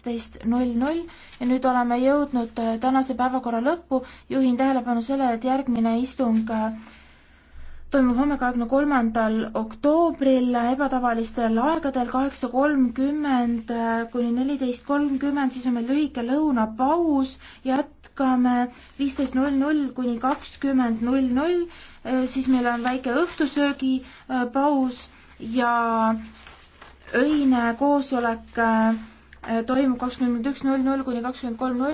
kaksteist null null ja nüüd oleme jõudnud äh, tänase päevakorra lõppu. juhin tähelepanu sellele, et järgmine istung äh, toimub homme, kahekümne kolmandal oktoobril ebatavalistel aegadel kaheksa kolmkümmend äh, kuni neliteist kolmkümmend, siis on meil lühike lõunapaus, jätkame viisteist null null kuni kakskümmend null null, siis meil on väike õhtusöögipaus ja öine koosolek toimub kakskümmend üks null null kuni kakskümmend kolm null